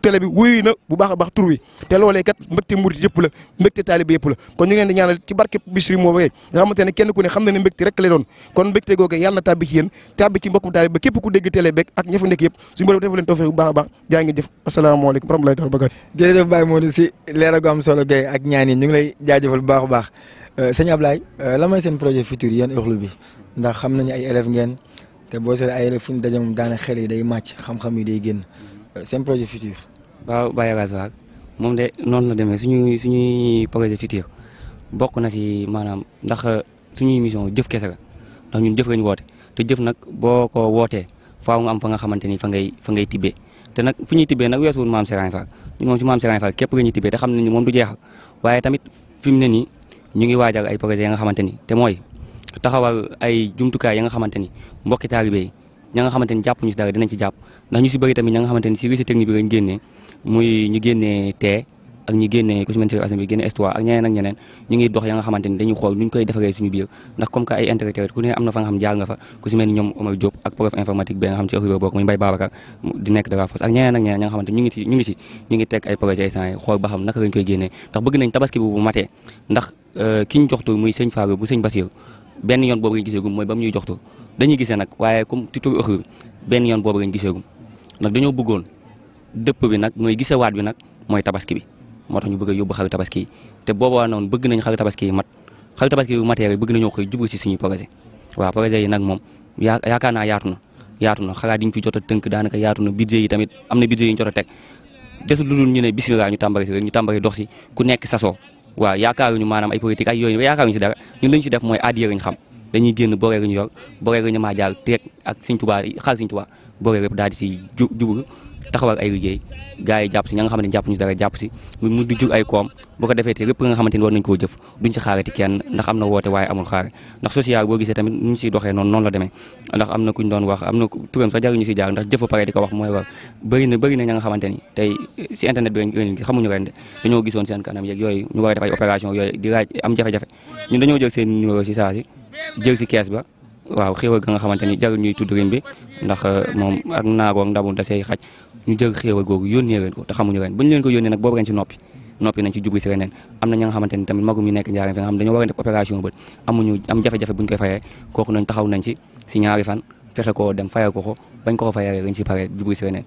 télé bi wuyu na bu baax a baax tur wi te loolee kat mbégte murit yëpp la mbégte taalibe yëpp la kon ñu ngeen di ñaanal ci barke Bichri moobee nga xamante ne kenn ku ne xam na ne mbégte rek la doon kon mbégte googu yàlla na tàbbi ci yéen tàbbi ci mbokkum taalibe ba képp ku dégg télé beeg ak ña fa nekk yëpp suñu borom dafa leen a baax jaa ngi def asalaamaaleykum wa rahmatulahi taala bakat jërëjëf leera gu solo gay ak ñaan yi ñu ngi lay jaajëfal bu baax a baax euh, sëñ Ablaye euh, la mooy seen projet futur yéen Euhlou bi ndax xam nañu ay élève ngeen te boo seet ay élève fu ñu daje moom daana xel yi day màcc xam-xam yi day génn Euh, seen projet futur. waaw Baye Agass moom de noonu la demee suñuy suñuy projet futur bokk na si maanaam ndax euh, suñuy mission jëf kese la ndax ñun jëf lañ woote te jëf nag boo ko wootee faaw nga am fa nga xamante ni fa ngay fa ngay tibbee te nag fu ñuy tibbee nag weesuwul maam Serigne Fall ñun moom ñu maam Serigne Fall képp la ñuy tibbee te xam nañu moom du jeexal waaye tamit fi mu ne nii ñu ngi waajal ay projet ya nga xamante ni te mooy taxawal ay jumtukaay ya nga xamante ni mbokki taalibe yi ña nga xamante ni jàpp ñu si dara dinañ ci jàpp ndax ñu si bëri tamit ña nga ni si réussite technique bi lañ génnee ñu génnee tee ak ñu génnee ku si mel ni assemblée ñu ngi ndax comme que ay intérêt ku ne am na fa nga xam jaar nga fa ku si mel ni ñoom Omar Diop ak prof informatique bi nga xam ci ëxriba ñu ngi ci ay projet ay sants xool ba xam naka lañ koy génnee ndax bëgg nañ tabaski bi bu matee ndax euh, ki ñu jox tur sëñ Fallou bu sëñ Basir benn yoon boobu lañ gisee gum mooy ba mu ñuy jox dañuy gisee nag waaye comme titu axu benn yoon boobu lañ giseegum dañoo bëggoon dëpp bi nag mooy gisewaat bi nag mooy tabaski bi moo tax ñu bëgg a yóbbu xaru tabaski yi te boobaa noonu bëgg nañ xaru tabaski yi mat xaru tabaski bi matériel nañoo koy jublu si suñuy projet waaw moom yaa yaakaar naa yaatu na yaatu na xalaat yi ñu jot tënk daanaka yaatu na budget yi tamit na budget yi ñu jot ñu ne bismillah ñu tàmbali si rek ñu tàmbali ku nekk sasoo waaw yaakaaruñu maanaam ay politique ay yooyu yaakaaruñu si dara ñun lañ si def mooy addiya lañ xam dañuy génn booree ñu yor booree ñu maa jaal teeg ak Sëñ Tuubaa xaal Sëñ Tuubaa booree daal di si ju jublu ay liggéey gaa yi jàpp si ña nga xamante ne jàpp ñu dara jàpp si mu di jur ay koom boo ko defee xamante ni war nañ koo jëf duñ kenn ndax am na woote waaye amul xaar ndax social boo gisee tamit ñu siy doxee noonu noonu la demee ndax am na kuñ doon wax am na turam sax jaruñu si jaar ndax jëfa pare di na na ña ni tey si internet bi lañ xamuñu ren de dañoo gisoon seen kanam yeeg yooyu ñu war a def ay yooyu di raaj am jafe-jafe ñun dañoo jël seen numéro si saa si jël si kees ba waaw xéewal ga nga xamante ni jarul ñuy tudd bi ndax euh, moom ak naagoo ak ndabu da see xaj ñu jël xéewal googu yónnee leen ko te xamuñu ren bu leen ko yónnee nag boobu ren si noppi noppi nañ si reneen am na ni tamit magum ñu nekk njaareen a def opération bët amuñu am jafe-jafe buñ koy fayee kooku nañ taxaw nañ si si ñaari fan fexe koo dem fayal ko ko bañ ko ko fayee si pare jubli si reneen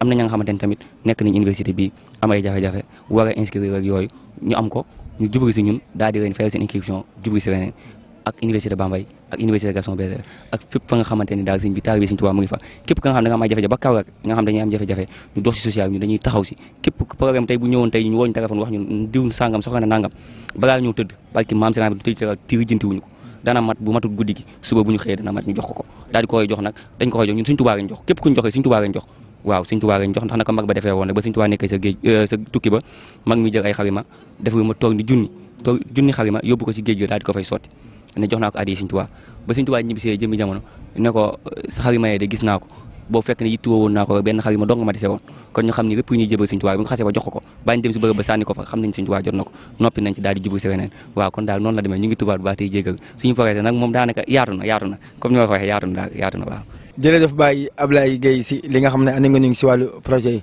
am na ña nga xamante ni tamit nekk nañ université bi am ay jafe-jafe war a inscrire yooyu ñu am ko ñu jubli si ñun daal di leen fayal seen inscription jubli si reneen ak université Bambey ak université Gaston Berger ak fépp fa nga xamante ni daal sëñ bi taalibe sëñ Tuubaa mu ngi fa képp ka nga xam ne da nga am ay jafe-jafe ba kaw rek nga xam dañuy am jafe-jafe ñu dox si social bi ñu dañuy taxaw si képp problème tey bu ñëwoon tey ñu wooñu téléphone wax ñun diw sàngam soxla na nangam balaa ñëw tëdd barki maam si tëj teral tiir jëntiwuñu ko dana mat bu matul guddi gi suba bu ñu xëyee dana mat ñu jox ko ko daal di koy jox nag dañ ko koy jox ñun sëñ Tuubaa lañ jox képp kuñ joxee sëñ Tuubaa lañ jox waaw sëñ Tuubaa lañ jox ndax naka mag ba defee woon rek ba sëñ Tuubaa nekkee sa géej euh, sa tukki ba mag mi jël ay xarima def ma toog ni junni toog junni xarima yóbbu ko si géej gi daal di ko fay sotti ne jox naa ko addi Sëñ Tuubaa ba Sëñ Tuubaa ñibbisee jëmmi jamono ne ko sa xar yu maye de gis naa ko boo fekk ne yittoo woon naa ko benn xar yu ma dong ma dese woon kon ñu xam ni lépp ñuy jëbal Sëñ Tuubaa bi nga xasee ba jox ko ko bañ dem si bërëb ba sànni ko fa xam nañ Sëñ Tuubaa jot na ko noppi nañ si daal di jublu si reneen waaw kon daal noonu la demee ñu ngi tubaab bu baax tey jégal suñu projet nag moom daanaka yaatu na yaatu na comme ni ma ko waxee yaatu na daal yaatu na waaw jërëjëf Baye Ablaye Gueye si li nga xam ne andi nga ñu ngi si wàllu projet yi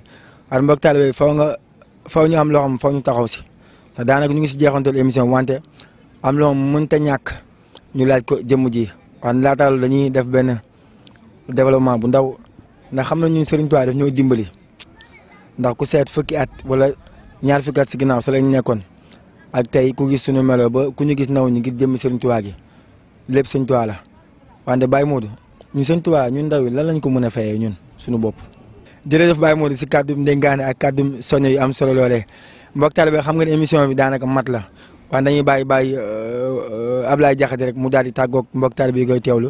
ar mbokk taalibe faw nga faw ñu am loo xam faw ñu taxaw si daanaka ñu ngi si jeexantal émission wante am loo xam mënta ñàkk ñu laaj ko jëmm ji waaye laata loolu dañuy def benn développement bu ndaw ndax xam na ñun Serigne Touba daf ñoo dimbali ndax ku seet fukki at wala ñaar fukki at si ginnaaw sa lañ nekkoon ak tey ku gis suñu melo ba ku ñu gis naw ñu ngir jëmm Serigne Touba gi lépp Serigne Touba la wante Baye Modou ñu Serigne Touba ñun ndaw yi lan lañ ko mën a fayee ñun suñu bopp. di jërëjëf Baye Modou si kàddu ndénkaane ak kàddu soño am solo loole mbokk taalibe xam nga ne émission bi daanaka mat la. waaye ñu bàyyi bàyyi euh, euh, Ablaye Diakhaté rek mu daal di tàggoog mbokk taalibe yi koy teewlu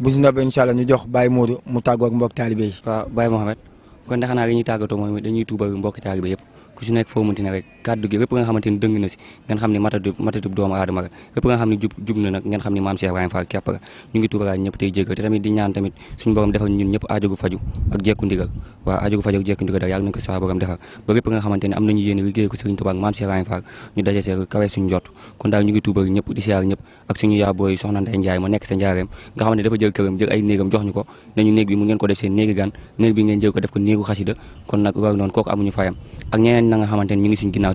bu si noppee incha ñu jox Baye Modou mu tàggoog mbokk taalibe yi. waaw Baye Mohamed kon de xanaa li ñuy tàggatoo mooy dañuy tuubal mbokk taalibe yëpp ku si nekk foo mënti ne rek kàddu gi rëpp nga xamante ni di ñaan tamit nekk sa njaareem nga xam dafa jël këram jël ay néegam jox ñu ko nañu néeg bi mu ngeen ko def seen néegi gan néeg bi ngeen jël ko def ko néegu xasida kon nag loolu noonu kooku amuñu fayam ak ñeneen na nga ñu ngi suñu ginnaaw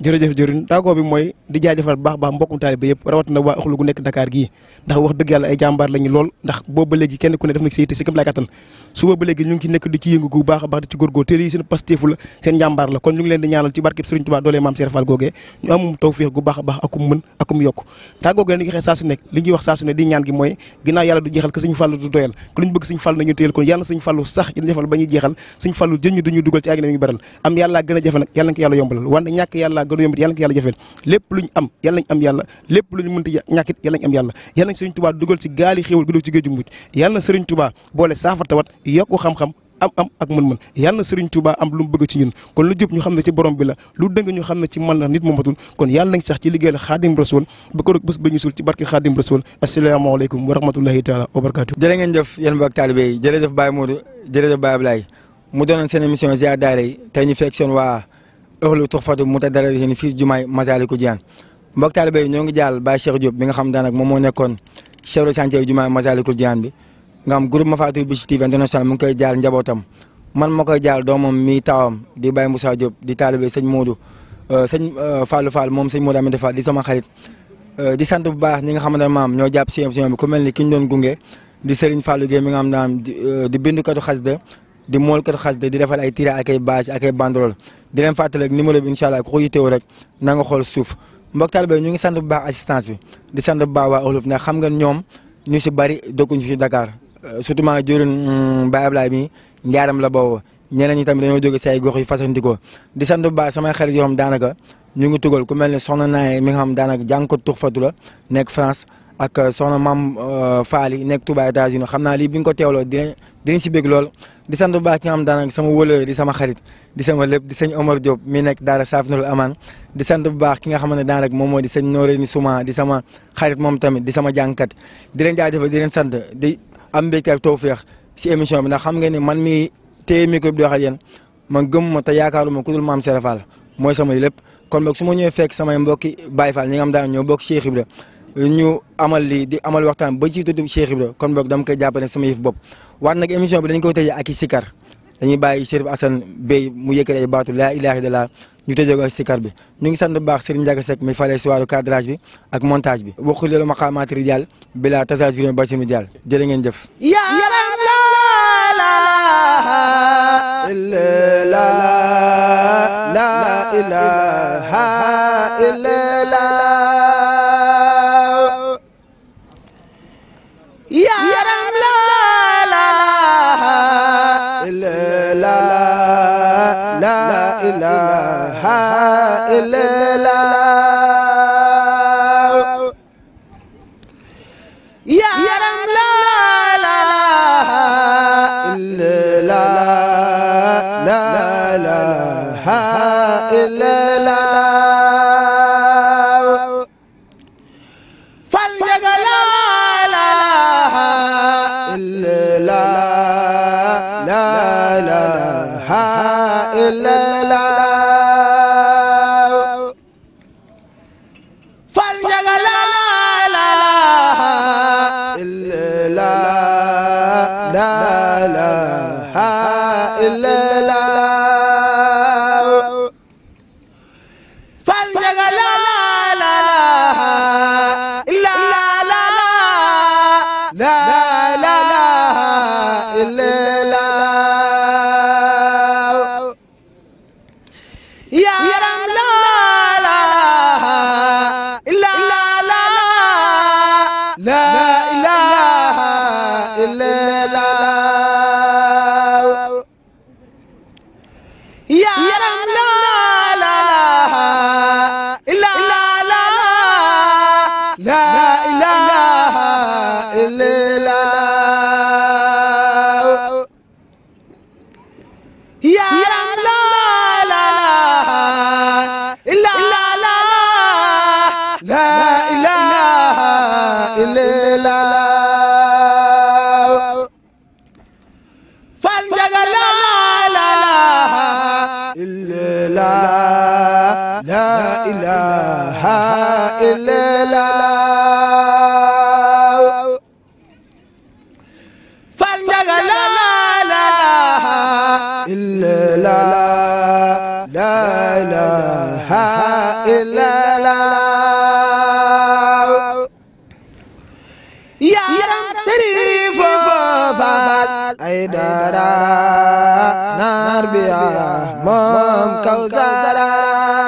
jërëjëf jëriñ tàggoo bi mooy di jaajëfal baax baax mbokkum taalibe yëpp rawatina waa wax dëgg yàlla ay jàmbaar lañu lool ndax boobu kenn ku nekk di ci yëngu bu baax a baax di ci góorgóor te lii seen ngi a baax wax saa di ñaan gi mooy ginnaaw yàlla du jeexal ko Sëriñ Fallu du doyal ko lu ñu bëgg Sëriñ Fallu nañu téyel kon yàlla Sëriñ Fallu sax yina jafal ba ñuy jeexal Sëriñ Fallu jën ñu dugal ci àgg mi baral am yàlla gën a jafe nag yàlla nga ko yàlla yombalal gën a yombit yàlla ko jafeel lépp luñ am am yàlla lépp luñ mënti ñàkkit yàlla nañ am yàlla yàlla nañ sëriñ Tuubaa dugal ci gaali xéewal gu ci géeju mujj yàlla na sëriñ boole saafara tawat yokku xam-xam am am ak mën-mën yàlla na Serigne am lu mu bëgg ci ñun kon lu jub ñu xam ne ci borom bi la lu dëng ñu xam ne ci man la nit moomatul kon yàlla nañ sax ci liggéeyal xaadim rasul ba ko bés ñu suul ci barke xaadim rasul asalaamaaleykum wa rahmatulahi ëxlu tux fatu mu ta dara yéen fii jumaay Massalikul Jinaan mbokk taalibe ñoo ngi jàll baa Cheikh Diop bi nga xam daanaka moom moo nekkoon chef de chantier jumaay Massalikul Jinaan bi nga xam groupe Mafaatihul Bichri TV international mu ngi koy jaal njabootam man ma koy jàll doomam mi tawam di Baye Moussa Diop di taalibe sëñ Modou euh, sëñ euh, Fallou Fall moom sëñ Modou Amady Fall di sama xarit euh, di sant bu baax ñi nga xam ne maam ñoo jàpp si émission bi ku mel ni ki ñu doon gunge di Serigne Fallou Gueye mi nga xam ne di bindukatu xasida di moolkat xasida di defal ay tira ak ay bâche ak ay banderole di leen fàttali ak numéro bi incha allah ku ko yitteewu rek na nga xool suuf mbokk taalibe ñu ngi sant bu baa assistance bi di sant bu baax waa Olof ndax xam nga ñoom ñu si bëri dëkkuñu fi dakaar euh, surtout maa jëriñ hmm, Baye Ablaye mi njaaram la boobu ñeneen ñi tamit dañoo jóge si ay gox yu fasandikoo di sant bu baax samay xarit yoo daanaka ñu ngi tugal ku mel ne soxna naa mi nga xam daanaka jàng ko tuxfatu la nekk France. ak euh, soxna maam euh, Faly nekk Touba États-Unis xam naa lii bi nga ko teewloo dinañ dinañ si bég lool di sant bu baax ki nga xam daanaka sama wëlëy di sama xarit di sama lépp di sëñ Omar Diop mi nekk daara Safinul Aman di sant bu baax ki nga xam ne daanaka moom moo di sëñ Noreyni Souma di sama xarit moom tamit di sama jàngkat di leen jaajëfal di leen sant di am mbégte ak si émission bi ndax xam nga ni man mi téye micro bi di wax ak yéen man gëmuma te yaakaaruma ku dul maam Serafal mooy sama lépp kon boog su ma ñëwee fekk samay mbokki Baye Fall ñi nga xam daan ñoo bokk Cheikh Ibra ñu amal lii di amal waxtaan ba ci tudd Cheikh Ibra kon boog dama koy jàpp sama yëf bopp waaye nag émission bi dañ koy tëjee ak i sikar dañuy bàyyi Chérif Assane Bey mu yëkkati ay baatu laa ilaaha illallaah ñu tëjee ko sikar bi ñu ngi sant bu baax Serigne Ndiaga Seck mi fale si wàllu bi ak montage bi waxul loolu maqaamaati rijaal bila tasage firme ba simi dial jërë ngeen jëf la ilaha illallah إله إلا الله إله إلا الله فانجل لا إله إلا الله لا إله إلا الله يا رب شريف فات أيدارا نار بيا مام كوزارا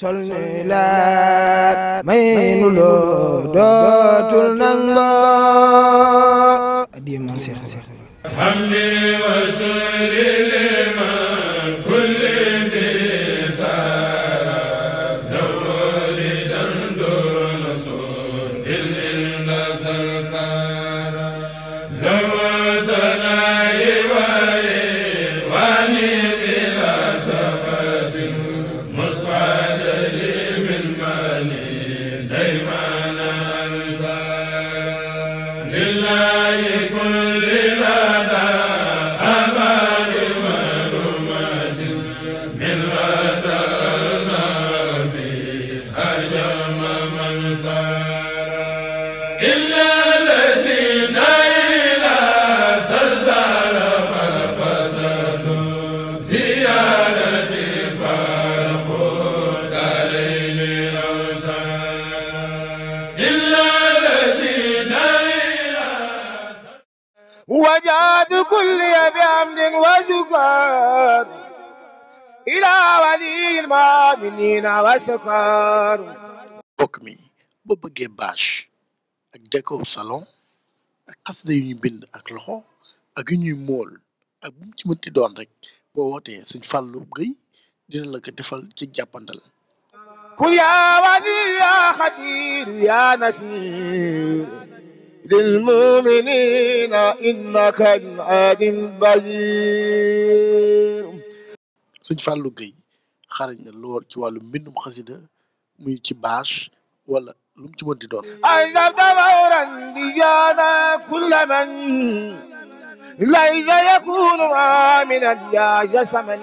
sol ni laat may nu loo dootul nangoo di moom Seex Seex وجاد كلي بحمد وشكر إلى ولي المؤمنين وشكر mbokk mi boo bëggee bâche ak décor salon ak xasida yu bind ak loxo ak yu ñuy mool ak bu ci mënti doon rek boo wootee suñ fàllu gëy dina la defal ci jàppandal ku yaa wali yaa xadir yaa nasir للمؤمنين إنك العاد بصير sëñ Fallou Gueye xarañ na lool ci wàllu mbindum xasida muy ci bâche wala lu mu ci mën di doon ay sabdawawran di jaana kulla man laysa yakunu aminan yaa saman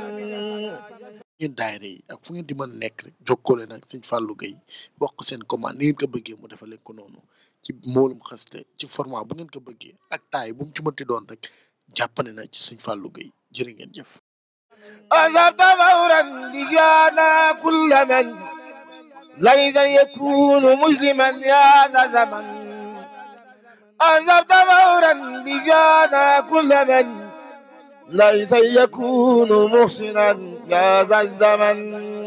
ngeen daayira yi ak fu ngeen di mën nekk rek jokkoo leen ak sëñ Fallou Gueye wax seen commande ni ngeen ko bëggee mu defal leen ko noonu ci mboolum xasida ci format bu ngeen ko bëggee ak taay bu mu ci mënti doon rek jàppane na ci sëñ Fallou Gueye jërë ngeen jëf أذهب فورا لجانا كل من ليس يكون مسلما يا ذا زمن أذهبت فورا لجانا كل من ليس يكون محسنا يا ذا الزمن